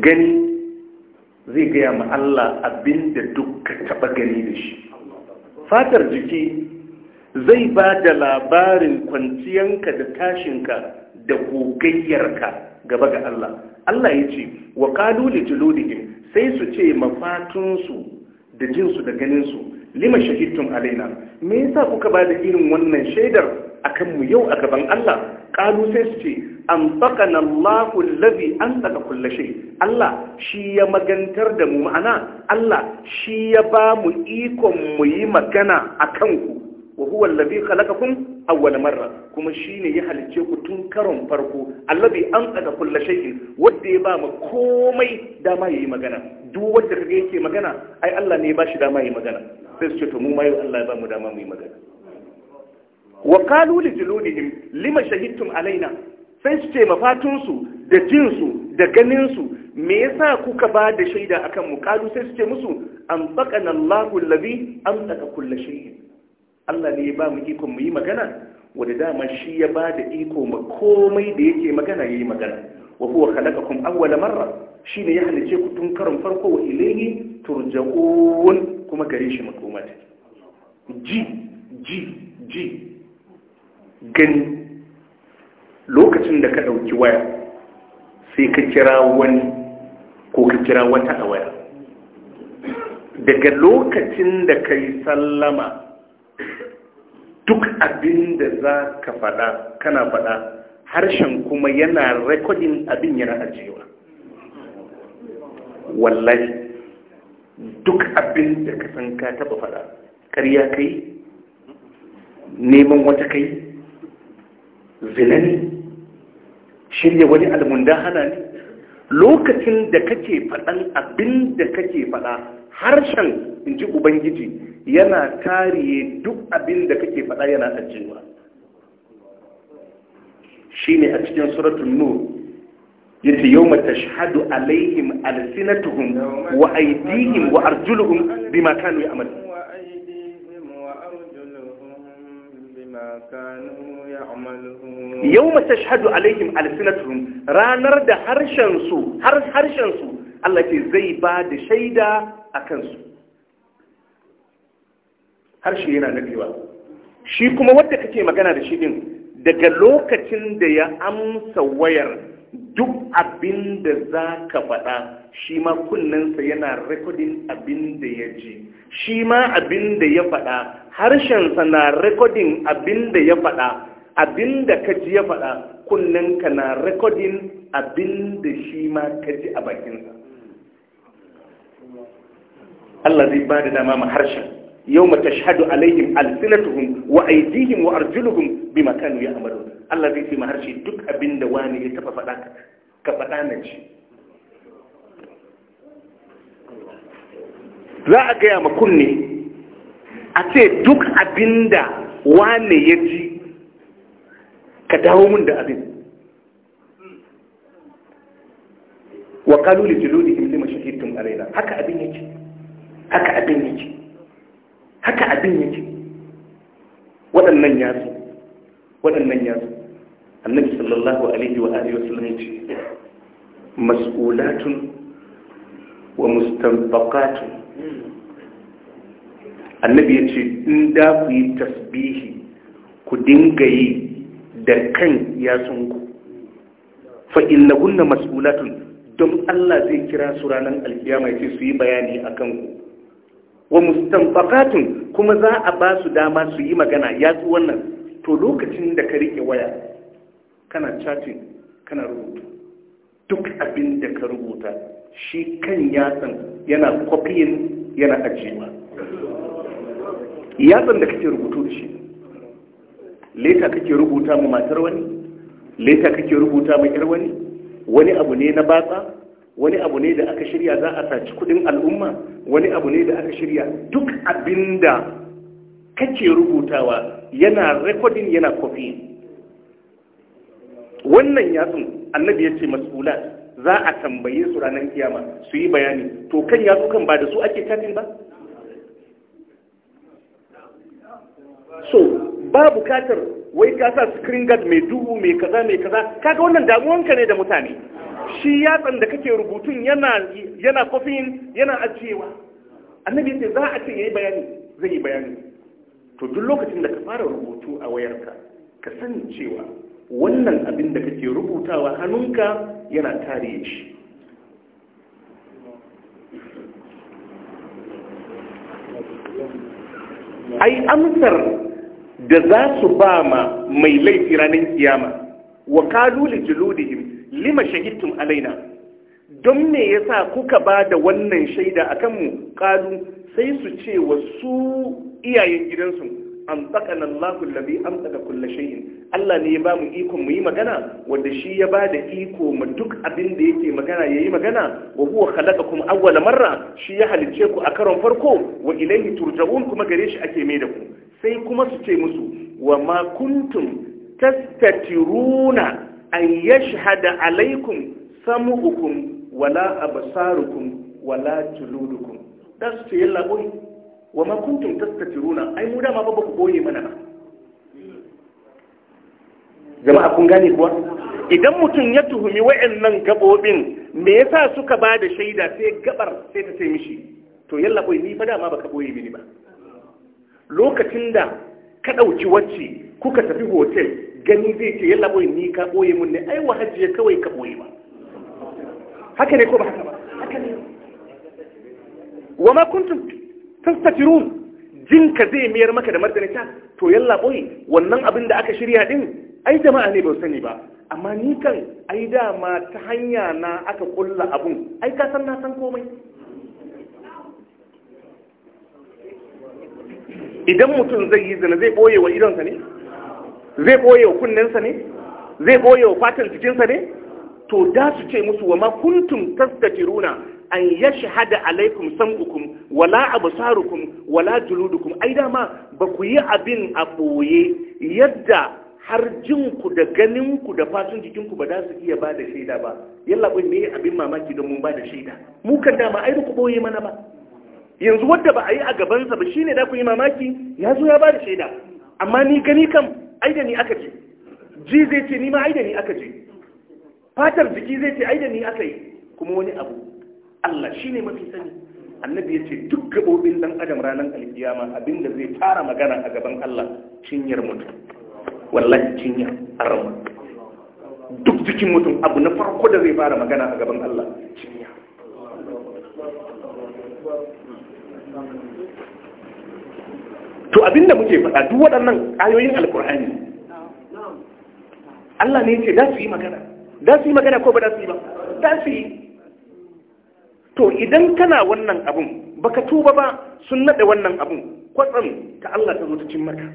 S1: gani zai gaya ma Allah abin da duk taɓa gani da shi fatar jiki zai ba da labarin kwanciyanka da tashinka da gogayyarka gaba ga Allah Allah ya ce wa kadu da juludihim sai su ce mafatunsu da jinsu da ganinsu lima shahidtum alaina me yasa kuka ba da irin wannan shaidar a kanmu yau a gaban Allah Ƙadu sai su ce an faqana Allahu allazi antaka kulli kullashe. Allah shi ya magantar da mu ma'ana Allah shi ya ba mu ikon mu yi magana a kanku. wa huwa allazi khalaqakum awwal marra kuma shine ya halice ku tun karon farko allazi anqada kullu shay'in wanda ya ba mu komai dama yayi magana duk wanda kage yake magana ai Allah ne ya bashi dama yayi magana sai su ce to mu ma Allah ba mu dama mu yi magana wa qalu li juludihim lima shahidtum alaina sai su ce mafatun su da jinsu, da ganinsu me yasa kuka ba da shaida akan mu qalu sai su ce musu an baqana Allahu allazi amsaka kullu shay'in Allah ne ya ba mu ikon mu yi magana wanda dama shi ya ba da iko ma komai da yake magana yayi magana wa huwa khalaqakum awwala marra ne ya halice ku tun karon farko wa ilayhi turja'un kuma gare shi makoma ji ji ji gani lokacin da ka dauki waya sai ka kira wani ko ka kira wata a waya daga lokacin da kai sallama duk abin da za ka faɗa kana faɗa harshen kuma yana rekodin abin yana ajiyewa wallahi duk abin da ka san ka taɓa faɗa ƙarya kai neman wata kai zinani shirya wani almunda hana ne lokacin da kake faɗan abin da kake faɗa harshen in ji ubangiji yana kariye duk abin da kake faɗa yana ajiyewa shi ne a cikin suratun nur ya ce yau mata shahadu alaihim alsinatuhun wa aidihim wa arjuluhun bi makanu ya amal
S2: yau mata shahadu
S1: alaihim alsinatuhun ranar da harshensu har harshensu Allah ce zai ba da shaida a kansu harshe yana shi kuma wadda kake magana da shi din daga lokacin da ya amsa wayar duk abin da za ka faɗa shi ma kunnensa yana rekodin abin da ya ji shi ma abin da ya faɗa harshensa na rekodin abin da ya faɗa abin da ka ji ya faɗa kunnenka na rekodin abin da shi ma ka ji a bakinsa Allah zai ba da dama mu harshen yau mata shahadu alaihim alsinatuhum wa aidihim wa arjuluhum bi makanu ya amaru Allah zai ce harshe duk abin da wani ya taba faɗa ka faɗa na shi za a gaya ma kunne a ce duk abin da wani ya ji ka dawo mun da abin wa kalu li juludihim lima shahidtum alaina haka abin yake haka abin yake haka abin yake waɗannan ya zo waɗannan ya zo annabi sallallahu alaihi wa alihi wasallam yace mas'ulatun wa mustanfaqatun annabi yace in da ku yi tasbihi ku dinga yi da kan ku. fa innahunna mas'ulatun don Allah zai kira su ranar alkiyama yace su yi bayani akan ku wa mustanfaqatun kuma za a ba su dama su yi magana ya tsu wannan to lokacin da ka rike waya kana chatting kana rubutu duk abin da ka rubuta shi kan yatsan yana copying yana ajiyewa yatsan da kake rubutu da shi leta kake rubuta mu matar wani leta kake rubuta mu yar wani wani abu ne na batsa wani abu ne da aka shirya za a saci kudin al'umma wani abu ne da aka shirya duk abinda kake rubutawa yana rekodin yana kofi wannan yatsun annabi ya ce mas'ula za a tambaye su ranar kiyama su yi bayani to kan yatsu kan ba da su ake tafi ba so ba bukatar wai kasa sa screen guard mai duhu mai kaza mai kaza kaga wannan damuwanka ne da mutane shi yatsan da kake rubutun yana kofin yana ajiyewa annabi ce za a ce yi bayani zai yi bayani to duk lokacin da ka fara rubutu a wayarka ka sani cewa wannan abin da kake rubutawa hannunka yana tariye shi ai amsar da za su ba ma mai laifi ranar kiyama wa kalu da juludihim lima shahidtum alaina don me yasa kuka ba da wannan shaida a mu ƙalu sai su ce wa su iyayen gidansu an tsakan Allah kullabi an tsaka shayin Allah ne ya ba mu iko mu yi magana wanda shi ya ba da iko mu duk abin da yake magana ya yi magana wa huwa khalaqakum awwala marra shi ya halicce ku a karon farko wa ilayhi turja'un kuma gare shi ake mai da ku sai kuma su ce musu wa ma kuntum tastatiruna an yashhada alaikum samu'ukum wala absarukum wala juludukum dan su yi laboi wa ma kuntum tastatiruna ai mu dama ba ku boye mana ba jama'a kun gane kuwa idan mutum ya tuhumi wa'annan gabobin me yasa suka ba da shaida sai gabar sai ta sai mishi to yalla boye ni fa dama baka boye mini ba lokacin da ka dauki wacce kuka tafi hotel gani zai ce yalla boye ni ka boye mun ne ai wahajiya kawai ka boye ba haka ne ko ba haka ba haka ne wa ma kuntum tastatirun ka zai miyar maka da martani ta to yalla boye wannan abin da aka shirya din ai jama'a ne ba sani ba amma ni kan ai dama ta hanya na aka kulla abun ai ka san na san komai idan mutum zai yi zina zai boye wa idonsa ne zai ɓoye wa kunnensa ne zai ɓoye wa fatan jikinsa ne to da su ce musu wa ma kuntum taskatiruna an hada alaikum sam'ukum wala absarukum wala juludukum ai dama ba ku yi abin a ɓoye yadda har jinku da ganinku da fatan jikinku ba za su iya ba da shaida ba yalla ɓoye me abin mamaki don mun ba da shaida mu kan dama ai ku boye mana ba yanzu wadda ba a yi a gabansa ba shine da ku yi mamaki ya zo ya ba da shaida amma ni gani kam ai da ni aka ce ji zai ce ni ma ai da ni aka ce fatar jiki zai ce ai da ni aka yi kuma wani abu Allah shi ne mafi sani annabi ya ce duk gabobin dan adam ranar alkiyama abinda zai fara magana a gaban Allah cinyar mutum wallahi cinyar arama duk jikin mutum abu na farko da zai fara magana a gaban Allah cinyar to abinda muke faɗa duk waɗannan ayoyin alkur'ani Allah ne ce da su yi magana da su yi magana ko ba da su yi ba da su yi to idan kana wannan abun baka tuba ba sun nade wannan abun kwatsam ka Allah ta zo ta cin maka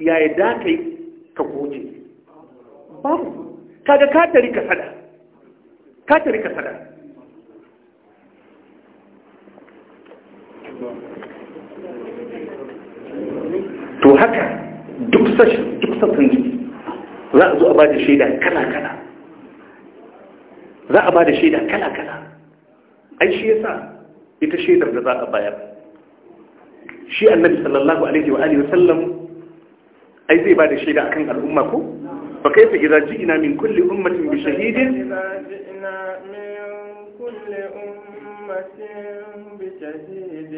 S1: yaya da yi ka goje babu kaga ka tari ka sada ka tari ka sada to haka duk sassan jiki za a zo a ba da shaida kala-kala za a ba da shaida kala-kala ai shi yasa ita shaidar da za a bayar shi annabi sallallahu alaihi wa alihi wasallam ai zai ba da shaida akan al'umma ko fa kaifa idza ji'na min kulli ummatin bi shahidin
S2: min kulli ummatin شهيد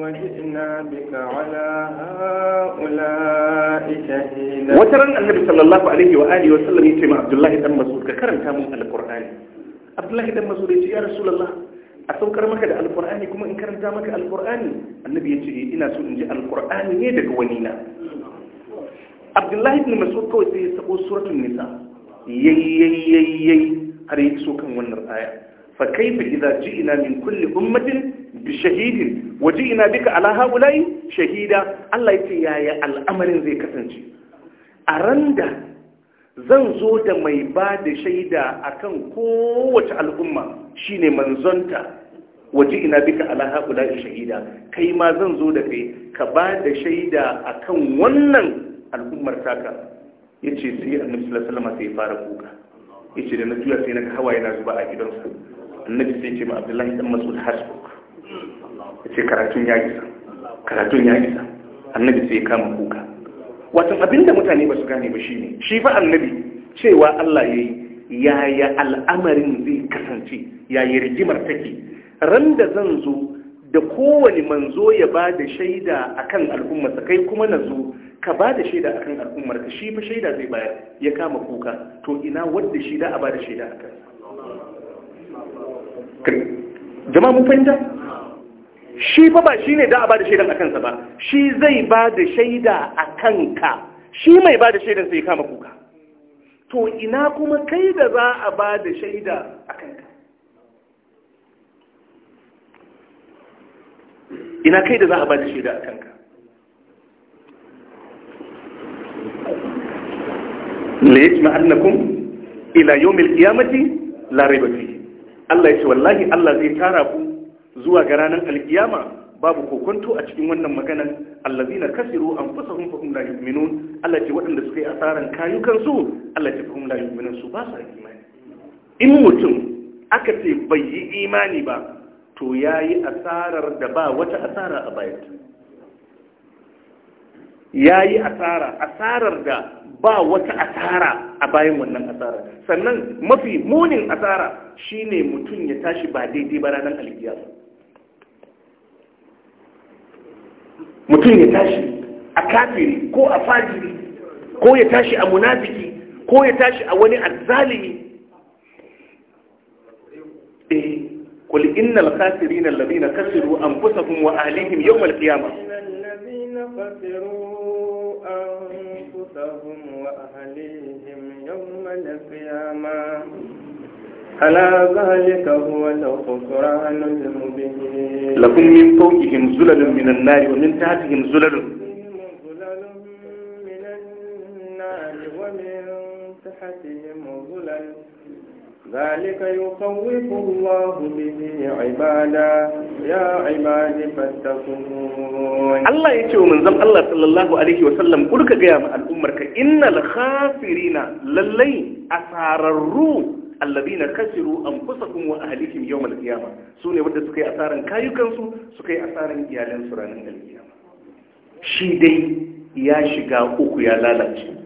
S2: وجئنا بك على هؤلاء
S1: شهيدا وترى النبي صلى الله عليه وآله وسلم يتمع عبد الله بن مسعود ككرم تامون القرآن عبد الله بن مسعود يا رسول الله a saukar maka da alkur'ani kuma in karanta maka alkur'ani annabi ya ce ina so in ji alkur'ani ne daga wani na abdullahi ibn mas'ud kawai ya sako suratul nisa yayyayyayyayi har ya so kan wannan aya fa kaifa idza ji'na min kulle ummatin bishahidin shahidin waje ina bika ala haulayi shahida Allah yake yaya al'amarin zai kasance a randa zan zo da mai ba da shaida a kan kowace al'umma shine manzonta waje ina bika ala haulayi shahida kai ma zan zo da kai ka ba da shaida a kan wannan al'ummar taka ce sai annabi sallallahu alaihi wasallam sai fara kuka Ya ce da na juya sai na hawa na zuba a gidansa annabi sai ce ma abdullahi dan masu hasbu ya ce karatun ya isa karatun ya isa annabi sai ya kama kuka watan abinda mutane ba su gane ba shine shi fa annabi cewa Allah yayi yaya al'amarin zai kasance yaya rigimar take ran da zan zo da kowane manzo ya ba da shaida akan al'ummarsa kai kuma na zo ka ba da shaida akan al'ummarka shi fa shaida zai bayar ya kama kuka to ina wanda shi da a ba da shaida akan jama'a mun fahimta shi fa ba shi ne da a ba da shaidan a kansa ba shi zai ba da shaida a kanka shi mai ba da shaidan sai kama kuka to ina kuma kai da za a ba da shaida a kanka ina kai da za a ba da shaida a kanka la yajma annakum ila yawmil kiyamati Larai ba fi Allah ya ce wallahi Allah zai tara ku zuwa ga ranar alkiyama babu kokonto a cikin wannan maganan allazina kasiru anfusahum fa hum la yu'minun Allah ce waɗanda suka yi asaran kayukan su Allah ce hum la yu'minun su ba su imani in mutum aka ce bai yi imani ba to yayi asarar da ba wata asara a Ya yayi asara asarar da ba wata asara a bayan wannan asara sannan mafi munin asara shine mutum ya tashi ba daidai ba ranar alkiyama mutum ya tashi a kafiri ko a fajiri ko ya tashi a munafiki ko ya tashi a wani azzalimi e qul innal khasirina alladhina khasiru anfusahum wa ahlihim yawm alqiyamah
S2: الذين خسروا أنفسهم وأهليهم يوم القيامة ألا ذلك هو الخسران المبين لكم من
S1: فوقهم زلل من النار ومن تحتهم زلل
S2: من النار ومن تحتهم زلل ذلك يخوف الله به عبادا يا عباد فاتقون الله يتيو من زم الله صلى الله عليه وسلم قل كجام
S1: الأمر إن الخافرين للي أسار الروح alladina kasiru anfusakum wa ahlihim yawm al-qiyamah sune wadda suka yi asaran kayukansu suka yi asaran iyalinsu ranar al shi dai ya shiga uku ya lalace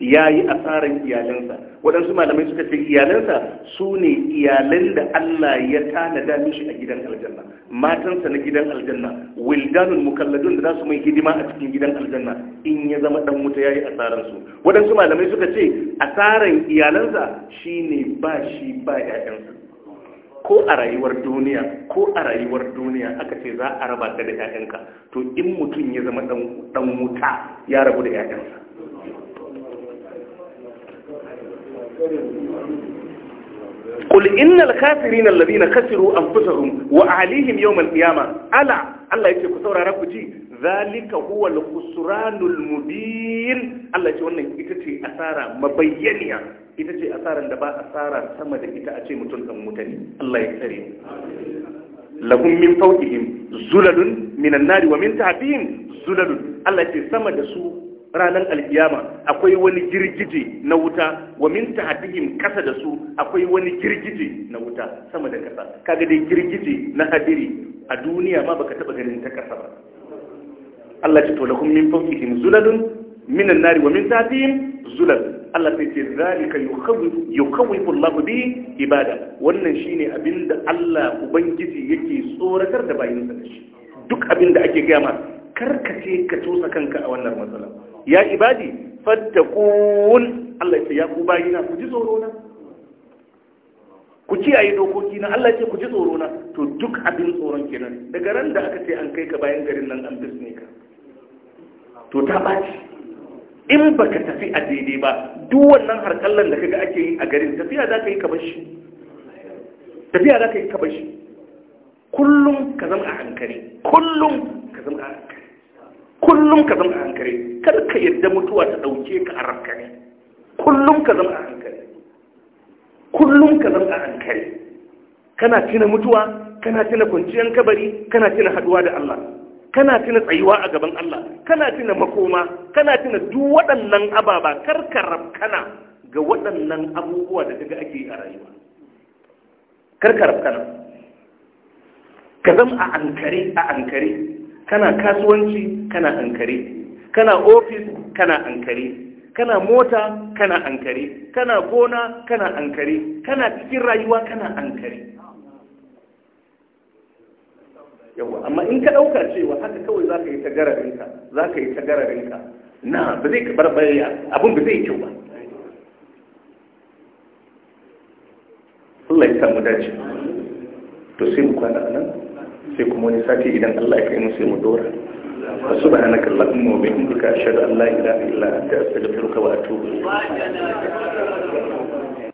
S1: ya yi asaran iyalinsa. waɗansu malamai suka ce iyalansa su ne iyalan da Allah ya tanada mishi a gidan aljanna matansa na gidan aljanna wildanun mukalladun da za su mai hidima a cikin gidan aljanna in ya zama dan wuta yayi asaran su waɗansu malamai suka ce asaran iyalansa shine ba shi ba ƴaƴansa ko a rayuwar duniya ko a rayuwar duniya aka ce za a raba ka da ƴaƴanka to in mutum ya zama dan wuta ya rabu da 'ya'yansa.
S3: Kul inna alkafiri
S1: na labi na kasiru an fusarun wa alihim yau malfiyama, Allah, Allah ya ce ku saurara ku ji, zalika huwa lukusuranul mubin Allah ce wannan ita ce asara mabayyaniya, ita ce asaran da ba asara sama da ita a ce mutum ɗan mutane, Allah ya tsare. Lahun min fauƙihim, zuladun minan nari wa min tafihim, zuladun, Allah ce sama da su ranar alkiyama akwai wani girgije na wuta wa min kasa da su akwai wani girgije na wuta sama da kasa kaga dai girgije na hadiri a duniya ma baka taba ganin ta kasa ba Allah ya tola kun min fawqihim zulalun min an-nari wa min tahtihim zulal Allah sai ce zalika yukhawwifu Allah bi ibada wannan shine abinda Allah ubangiji yake tsoratar da bayinsa da shi duk abinda ake gaya ma karkace ka tosa kanka a wannan matsalar ya ibadi fattakun Allah ce ya ku na, ku ji tsoro na ku yi dokoki na Allah ce ku ji tsoro na to duk abin tsoron kenan daga ran da aka ce an kai ka bayan garin nan an bisne ka to ta baci in baka tafi a daidai ba duk wannan harkallan da kaga ake yi a garin tafiya za ka yi ka bashi tafiya za ka yi ka bashi
S3: kullum
S1: ka zama a hankali kullum ka zama a hankali kullum ka zama a hankali kar ka yadda mutuwa ta ɗauke ka a rankali kullum ka zama a hankali kullum ka zama a hankali kana tuna mutuwa kana tuna kwanciyar kabari kana tuna haduwa da Allah kana tuna tsayuwa a gaban Allah kana tuna makoma kana tuna duk waɗannan ababa kar ka rafkana ga waɗannan abubuwa da kaga ake yi a rayuwa kar ka rafkana ka zama a hankali a hankali kana kasuwanci kana ankare kana ofis kana ankare kana mota kana ankare kana gona kana ankare kana cikin rayuwa kana ankare yawa amma in ka ɗauka cewa haka kawai za ka yi ta gararinka za ka yi ta gararinka na ba zai kabar bayya abin ba zai kyau ba Allah ya samu dace to sai mu kwana nan sai kuma wani sati idan Allah ya kai mu sai mu dora subhanaka allahumma wa bihamdika ashhadu an la ilaha illa anta astaghfiruka wa atubu
S3: ilayk